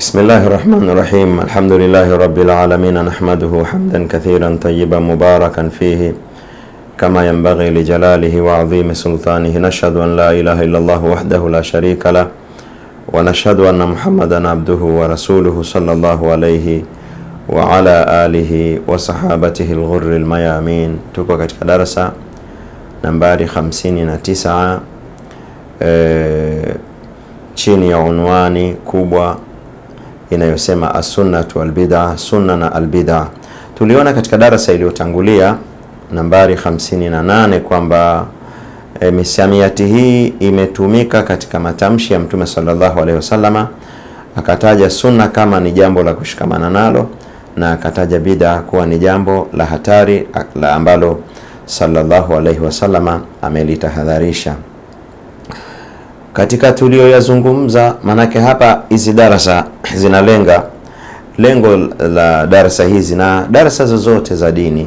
Bismillahi rahmani rahim. Alhamdulillahi rabbil alamin nahmaduhu hamdan kathiran tayyiban mubarakan fihi kama yanbaghi li jalalihi wa azimi sultanihi. Nashhadu an la ilaha illa Allah wahdahu la sharika lah wa nashhadu anna Muhammadan abduhu wa rasuluhu sallallahu alayhi wa ala alihi wa sahabatihi al-ghurri Tuko katika darasa nambari 59 eh, chini ya unwani kubwa inayosema as-sunnatu wal sunna na albid'a. Tuliona katika darasa iliyotangulia nambari 58 kwamba e, misamiati hii imetumika katika matamshi ya Mtume sallallahu alaihi wasallama. Akataja sunna kama ni jambo la kushikamana nalo na akataja bid'a kuwa ni jambo la hatari la ambalo sallallahu alaihi wasallama amelitahadharisha katika tuliyoyazungumza. Manake hapa hizi darasa zinalenga lengo la darasa hizi na darasa zozote za dini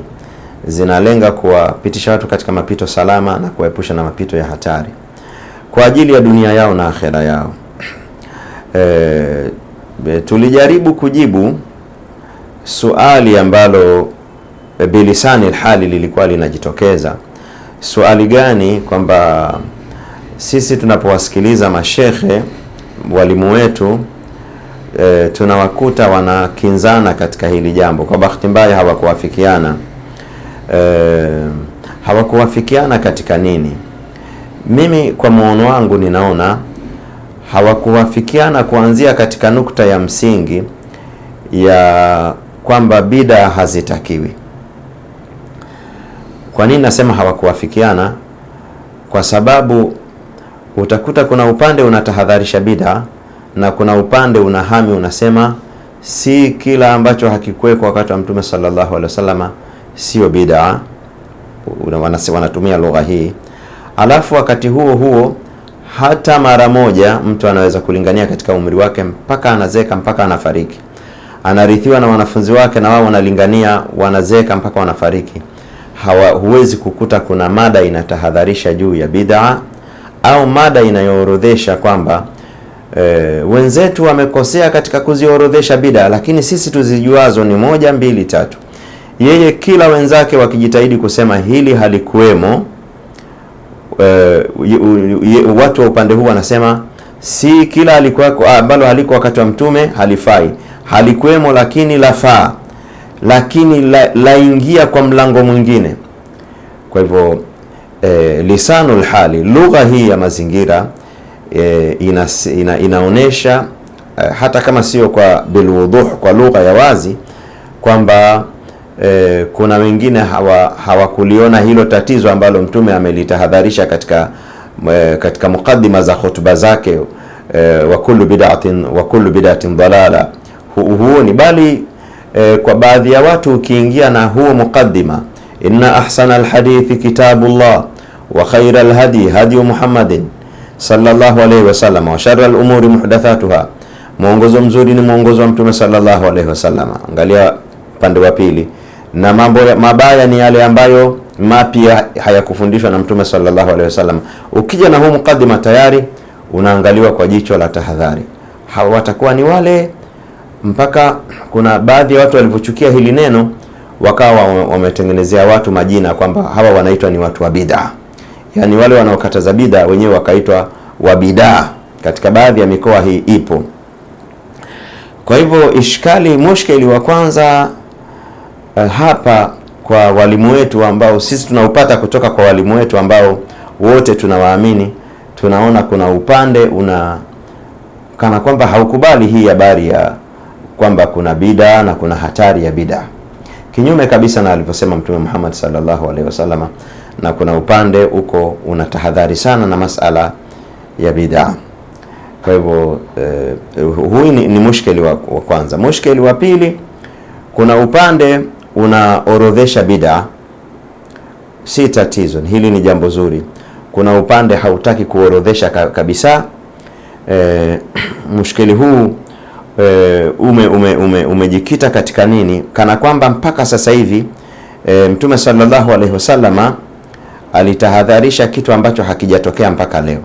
zinalenga kuwapitisha watu katika mapito salama na kuwaepusha na mapito ya hatari kwa ajili ya dunia yao na akhera yao. E, tulijaribu kujibu suali ambalo eh, bilisani hali lilikuwa linajitokeza. Suali gani? Kwamba sisi tunapowasikiliza mashekhe walimu wetu e, tunawakuta wanakinzana katika hili jambo. Kwa bahati mbaya hawakuwafikiana E, eh, hawakuwafikiana katika nini? Mimi kwa maono wangu ninaona hawakuwafikiana kuanzia katika nukta ya msingi ya kwamba bidaa hazitakiwi. Kwa nini nasema hawakuwafikiana Kwa sababu utakuta kuna upande unatahadharisha bidaa na kuna upande unahami unasema si kila ambacho hakikuwekwa wakati wa Mtume sallallahu alaihi wasallama sio bid'a, wanatumia lugha hii. Alafu wakati huo huo hata mara moja mtu anaweza kulingania katika umri wake mpaka anazeka mpaka anafariki, anarithiwa na wanafunzi wake na wao wanalingania, wanazeka mpaka wanafariki. Hawa, huwezi kukuta kuna mada inatahadharisha juu ya bid'a au mada inayoorodhesha kwamba E, wenzetu wamekosea katika kuziorodhesha bidaa, lakini sisi tuzijuazo ni moja, mbili, tatu. Yeye kila wenzake wakijitahidi kusema hili halikuwemo. E, watu wa upande huu wanasema si kila alikuwako ah, ambalo haliko wakati wa Mtume halifai, halikuwemo lakini lafaa, lakini la, laingia kwa mlango mwingine. Kwa hivyo e, lisanul hali, lugha hii ya mazingira e, ina, ina, inaonesha eh, hata kama sio kwa bilwudhuh kwa lugha ya wazi kwamba e, kuna wengine hawakuliona hawa hilo tatizo ambalo Mtume amelitahadharisha katika e, katika mukaddima za hotuba zake e, wa kullu bid'atin wa kullu bid'atin dalala hu, ni bali e, kwa baadhi ya watu ukiingia na huo mukaddima inna ahsana alhadithi kitabullah wa khaira alhadi hadi Muhammadin sallallahu alaihi wasallam, wa sharra al-umuri muhdathatuha, mwongozo mzuri ni mwongozo wa Mtume sallallahu alaihi wasallam. Angalia upande wa pili, na mambo mabaya ni yale ambayo mapya hayakufundishwa na Mtume sallallahu alaihi wasallam. Ukija na huu mukaddima tayari unaangaliwa kwa jicho la tahadhari. Hawa watakuwa ni wale mpaka kuna baadhi ya watu walivyochukia hili neno wakawa wametengenezea watu majina kwamba hawa wanaitwa ni watu wa bid'a yani wale wanaokataza bidhaa wenyewe wakaitwa wabidaa, katika baadhi ya mikoa hii ipo. Kwa hivyo ishkali, mushkeli wa kwanza uh, hapa kwa walimu wetu ambao sisi tunaupata kutoka kwa walimu wetu ambao wote tunawaamini, tunaona kuna upande una kana kwamba haukubali hii habari ya, kwamba kuna bidaa na kuna hatari ya bidaa, kinyume kabisa na alivyosema Mtume Muhammad sallallahu alaihi wasallam na kuna upande uko tahadhari sana na masala ya bidaa. Kwa hivyo eh, huu ni, ni mushkeli wa, wa kwanza. Mushkeli wa pili, kuna upande unaorodhesha bidaa, si tatizo hili, ni jambo zuri. Kuna upande hautaki kuorodhesha kabisa. Eh, mushkeli huu eh, ume, ume, ume, umejikita katika nini? Kana kwamba mpaka sasa hivi eh, Mtume sallallahu alaihi wasallama alitahadharisha kitu ambacho hakijatokea mpaka leo,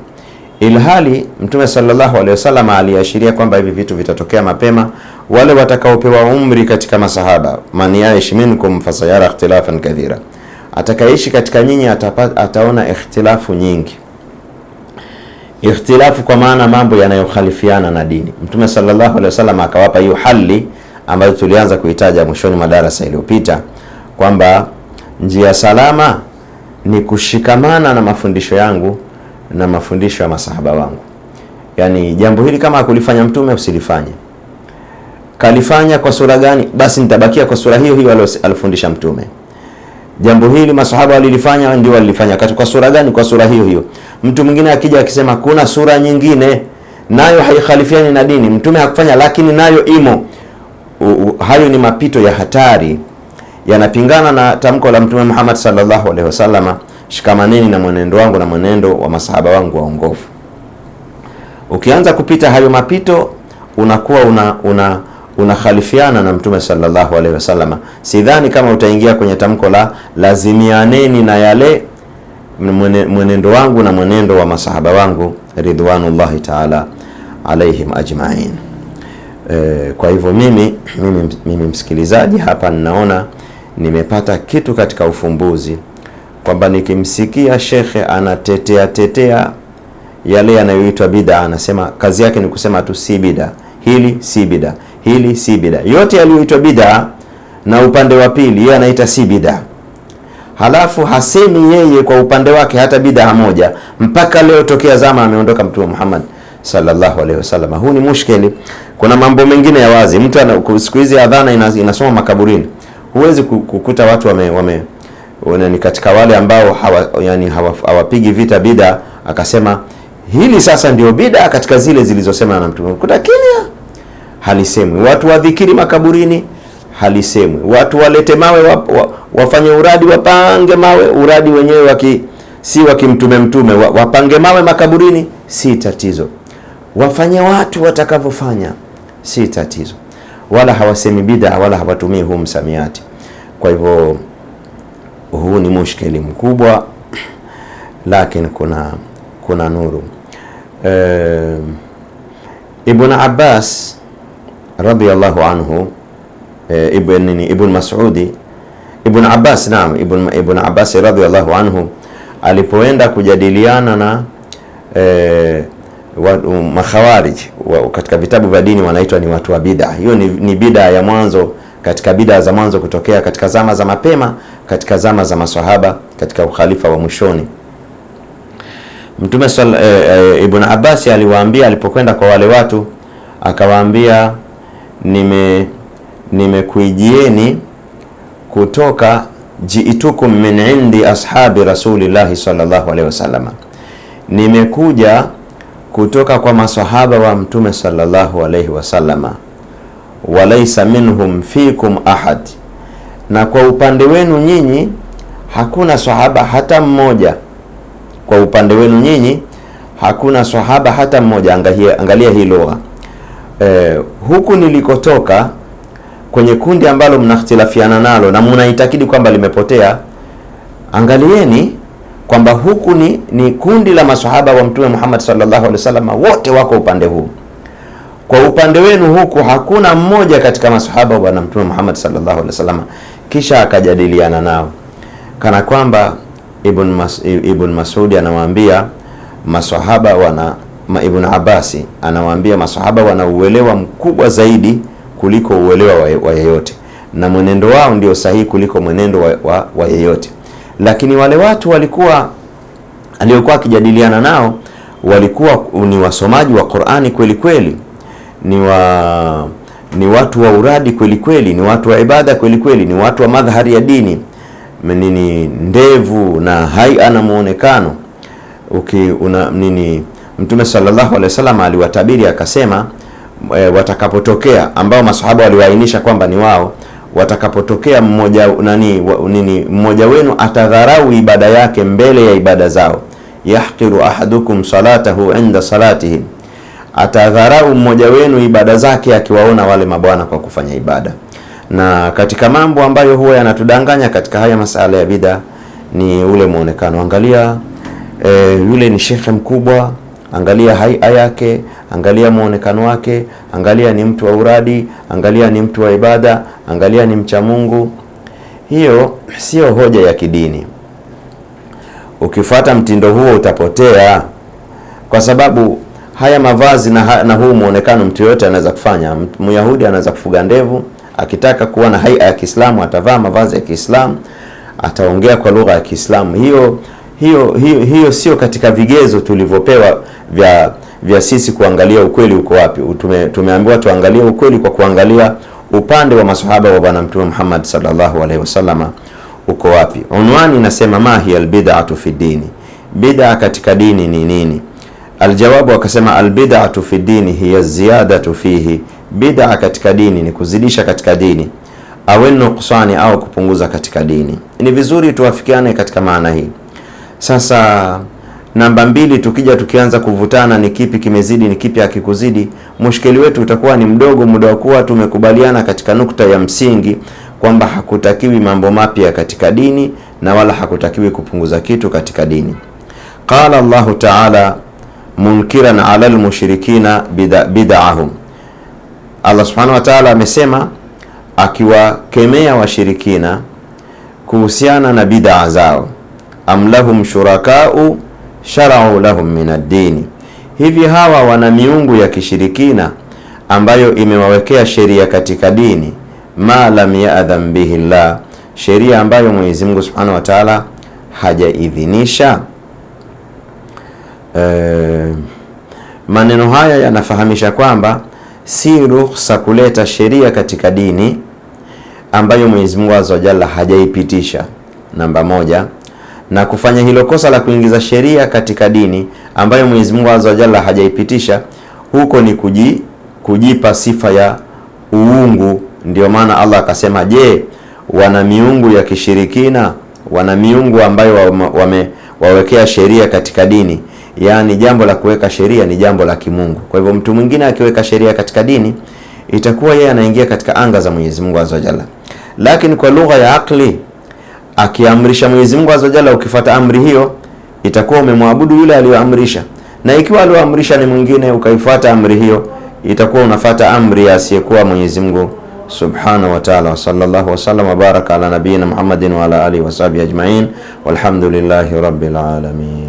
ilhali Mtume sallallahu alaihi wasallam aliashiria kwamba hivi vitu vitatokea mapema. Wale watakaopewa umri katika masahaba, man yaish minkum fasayara ikhtilafan kathira, atakaishi katika nyinyi ataona ikhtilafu nyingi. Ikhtilafu kwa maana mambo yanayokhalifiana na dini. Mtume sallallahu alaihi wasallam akawapa hiyo hali ambayo tulianza kuitaja mwishoni mwa darasa iliyopita kwamba njia salama ni kushikamana na mafundisho yangu na mafundisho ya masahaba wangu. Yaani jambo hili kama akulifanya mtume usilifanye. Kalifanya kwa sura gani? Basi nitabakia kwa sura hiyo hiyo alofundisha mtume. Jambo hili masahaba walilifanya, ndio walilifanya. Kwa sura gani? Kwa sura hiyo hiyo. Mtu mwingine akija akisema kuna sura nyingine nayo haikhalifiani na dini, mtume hakufanya, lakini nayo imo. Hayo ni mapito ya hatari yanapingana na tamko la Mtume Muhammad sallallahu alaihi wasallama, shikamaneni na mwenendo wangu na mwenendo wa masahaba wangu waongovu Ukianza kupita hayo mapito unakuwa una, una unakhalifiana na Mtume sallallahu alaihi wasallama. Sidhani kama utaingia kwenye tamko la lazimianeni na yale mwenendo wangu na mwenendo wa masahaba wangu ridwanullahi taala alaihim ajmain. E, kwa hivyo mimi mimi, mimi msikilizaji hapa ninaona nimepata kitu katika ufumbuzi kwamba nikimsikia shekhe anatetea tetea yale yanayoitwa bida, anasema kazi yake ni kusema tu si bida hili, si bida hili, si bida yote yaliyoitwa bida, na upande wa pili yeye anaita si bida, halafu hasemi yeye kwa upande wake hata bida moja. Mpaka leo tokea zama ameondoka Mtume Muhammad sallallahu alaihi wasallam. Huu ni mushkeli. Kuna mambo mengine ya wazi, mtu siku hizi adhana inasoma makaburini huwezi kukuta watu wame, wame ni katika wale ambao hawa, yani hawapigi vita bida, akasema hili sasa ndio bida katika zile zilizosema na Mtume. Kuta kimya, halisemwi. Watu wadhikiri makaburini, halisemwi. Watu walete mawe wa, wa, wafanye uradi, wapange mawe uradi wenyewe waki, si wakimtume mtume, wapange mawe makaburini, si tatizo. Wafanye watu watakavyofanya, si tatizo, wala hawasemi bida, wala hawatumii huu msamiati. Kwa hivyo huu ni mushkeli mkubwa, lakini kuna kuna nuru. E, Ibn Abbas radiyallahu anhu e, ibn, Ibn Mas'udi Ibn Abbas naam, Ibn, Ibn Abbas radiyallahu anhu alipoenda kujadiliana na e, wa, um, makhawarij wa, katika vitabu vya dini wanaitwa ni watu wa bid'a. Hiyo ni, ni bid'a ya mwanzo katika bidaa za mwanzo kutokea katika zama za mapema, katika zama za maswahaba, katika ukhalifa wa mwishoni. Mtume e, Ibn Abbas aliwaambia alipokwenda kwa wale watu akawaambia, nime nimekuijieni kutoka jiitukum min indi ashabi rasulillahi sallallahu alaihi wasallam, nimekuja kutoka kwa maswahaba wa mtume sallallahu alaihi wasallam walaisa minhum fikum ahad, na kwa upande wenu nyinyi hakuna sahaba hata mmoja. Kwa upande wenu nyinyi hakuna sahaba hata mmoja. Angalia, angalia hii lugha e, huku nilikotoka kwenye kundi ambalo mnakhtilafiana nalo na mnaitakidi kwamba limepotea. Angalieni kwamba huku ni, ni kundi la masahaba wa Mtume Muhammad sallallahu alaihi wasallam, wote wako upande huu. Kwa upande wenu huku hakuna mmoja katika masahaba wa Bwana Mtume Muhammad sallallahu alaihi wasallam. Kisha akajadiliana nao kana kwamba Ibn, Mas, Ibn Masudi anawaambia masahaba wana ma Ibn Abasi anawaambia masahaba wana uelewa mkubwa zaidi kuliko uelewa wa, wa yeyote na mwenendo wao ndio sahihi kuliko mwenendo wa, wa, wa yeyote. Lakini wale watu walikuwa aliokuwa akijadiliana nao walikuwa ni wasomaji wa Qur'ani kweli kweli ni wa ni watu wa uradi kweli kweli, ni watu wa ibada kweli kweli, ni watu wa madhhari ya dini nini, ndevu na haia na muonekano uki una nini. Mtume sallallahu alaihi wasallam aliwatabiri akasema, e, watakapotokea ambao masahaba waliwaainisha kwamba ni wao, watakapotokea mmoja nani wa, nini mmoja wenu atadharau ibada yake mbele ya ibada zao, yahqiru ahadukum salatahu inda salatihi atadharau mmoja wenu ibada zake akiwaona wale mabwana kwa kufanya ibada. Na katika mambo ambayo huwa yanatudanganya katika haya masala ya bida ni ule muonekano. Angalia e, yule ni shekhe mkubwa, angalia haia yake, angalia muonekano wake, angalia ni mtu wa uradi, angalia ni mtu wa ibada, angalia ni mcha Mungu. Hiyo sio hoja ya kidini. Ukifuata mtindo huo utapotea, kwa sababu haya mavazi na, na huu muonekano mtu yoyote anaweza kufanya. Myahudi anaweza kufuga ndevu, akitaka kuwa na haia ya Kiislamu atavaa mavazi ya Kiislamu, ataongea kwa lugha ya Kiislamu. Hiyo hiyo hiyo, hiyo sio katika vigezo tulivyopewa vya vya sisi kuangalia ukweli uko wapi. Tume, tumeambiwa tuangalie ukweli kwa kuangalia upande wa masahaba wa bwana Mtume Muhammad sallallahu alaihi wasallama uko wapi. Unwani inasema ma hiya albid'atu fi dini, bid'a katika dini ni nini? Aljawabu akasema albid'atu fi dini hiya ziyadatu fihi, bidaa katika dini ni kuzidisha katika dini, awe nuksani au kupunguza katika dini. Ni vizuri tuwafikiane katika maana hii. Sasa namba mbili, tukija tukianza kuvutana, ni kipi kimezidi, ni kipi hakikuzidi, mushkeli wetu utakuwa ni mdogo, muda wa kuwa tumekubaliana katika nukta ya msingi kwamba hakutakiwi mambo mapya katika dini na wala hakutakiwi kupunguza kitu katika dini. Qala Allahu taala munkiran ala lmushrikina bidaahum Allah subhanahu wa ta'ala amesema akiwakemea washirikina kuhusiana na bidaa zao, am lahum shurakau sharau lahum min ad hivi hawa wana miungu ya kishirikina ambayo imewawekea sheria katika dini, ma lam yadham bihi llah, sheria ambayo Mwenyezi Mungu subhanahu wa ta'ala hajaidhinisha e, maneno haya yanafahamisha kwamba si ruhusa kuleta sheria katika dini ambayo Mwenyezi Mungu Azza wa Jalla hajaipitisha, namba moja, na kufanya hilo kosa la kuingiza sheria katika dini ambayo Mwenyezi Mungu Azza wa Jalla hajaipitisha, huko ni kuji, kujipa sifa ya uungu. Ndio maana Allah akasema, je, wana miungu ya kishirikina, wana miungu ambayo wame, wame, wawekea sheria katika dini yaani jambo la kuweka sheria ni jambo la kimungu. Kwa hivyo mtu mwingine akiweka sheria katika dini itakuwa yeye anaingia katika anga za Mwenyezi Mungu azza jalla, lakini kwa lugha ya akli akiamrisha Mwenyezi Mungu azza jalla, ukifata amri hiyo itakuwa umemwabudu yule aliyoamrisha, na ikiwa aliyoamrisha ni mwingine ukaifata amri hiyo itakuwa unafata amri ya asiyekuwa Mwenyezi Mungu subhanahu wa ta'ala. Sallallahu wasallam wa baraka ala nabiyina Muhammadin wa ala alihi wasahbihi ajma'in, walhamdulillahi rabbil alamin.